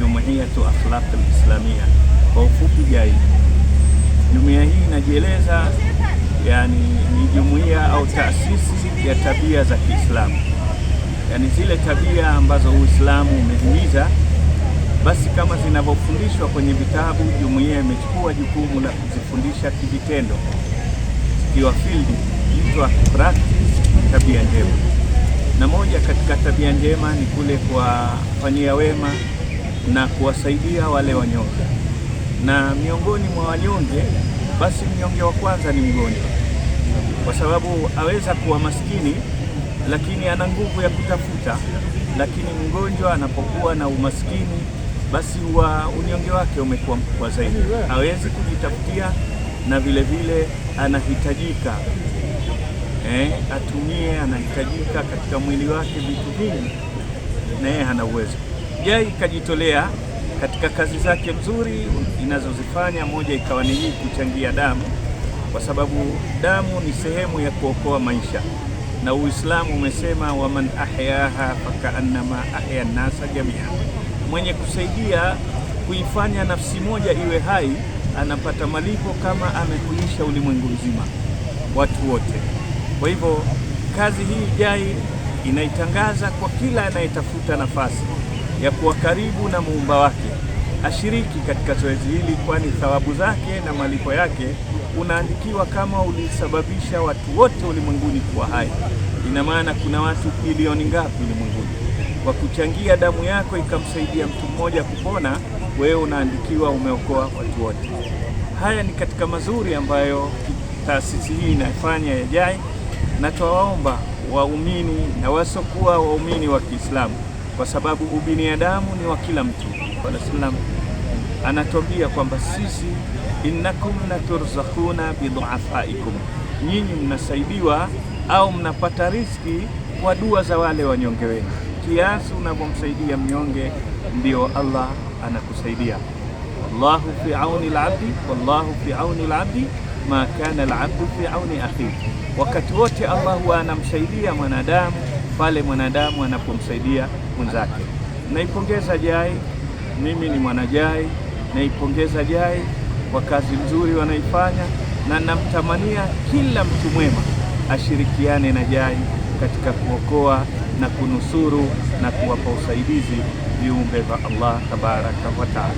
Jumuiyatu Akhlaqil Islamia, kwa ufupi JAI. Jumuiya hii inajieleza yani, ni jumuiya au taasisi ya tabia za Kiislamu, yani zile tabia ambazo Uislamu umehimiza basi kama zinavyofundishwa kwenye vitabu, jumuiya imechukua jukumu la kuzifundisha kivitendo, zikiwa field itwa practice tabia njema, na moja katika tabia njema ni kule kuwafanyia wema na kuwasaidia wale wanyonge, na miongoni mwa wanyonge basi mnyonge wa kwanza ni mgonjwa, kwa sababu aweza kuwa maskini lakini ana nguvu ya kutafuta, lakini mgonjwa anapokuwa na umaskini basi wa unyonge wake umekuwa mkubwa zaidi, hawezi kujitafutia na vile vile anahitajika eh, atumie, anahitajika katika mwili wake vitu vingi, na yeye hana uwezo. TBI ikajitolea katika kazi zake nzuri inazozifanya, moja ikawa ni hii kuchangia damu, kwa sababu damu ni sehemu ya kuokoa maisha, na Uislamu umesema waman ahyaha fakaannama ahya nasa jamia, mwenye kusaidia kuifanya nafsi moja iwe hai anapata malipo kama amekuisha ulimwengu mzima, watu wote. Kwa hivyo kazi hii JAI inaitangaza kwa kila anayetafuta nafasi ya kuwa karibu na muumba wake ashiriki katika zoezi hili, kwani thawabu zake na malipo yake unaandikiwa kama ulisababisha watu wote ulimwenguni kuwa hai. Ina maana kuna watu bilioni ngapi ulimwenguni? Kwa kuchangia damu yako ikamsaidia mtu mmoja kupona, wewe unaandikiwa umeokoa watu wote. Haya ni katika mazuri ambayo taasisi hii inafanya ya JAI, na twawaomba waumini na wasokuwa waumini wa Kiislamu kwa sababu ubinadamu ni wa kila mtu. Bwana sallam anatwambia kwamba sisi, innakum laturzakuna bidhafaikum, nyinyi mnasaidiwa au mnapata riski kwa dua za wale wanyonge wenu. Kiasi unavyomsaidia mnyonge, ndio Allah anakusaidia. Wallahu fi auni labdi, wallahu fi auni labdi ma kana labdu fi auni akhi, Wakati wote Allah huwa anamsaidia mwanadamu pale mwanadamu anapomsaidia mwenzake. Naipongeza JAI, mimi ni mwana JAI, naipongeza JAI kwa kazi nzuri wanaifanya, na namtamania kila mtu mwema ashirikiane na JAI katika kuokoa na kunusuru na kuwapa usaidizi viumbe vya Allah tabaraka wa taala.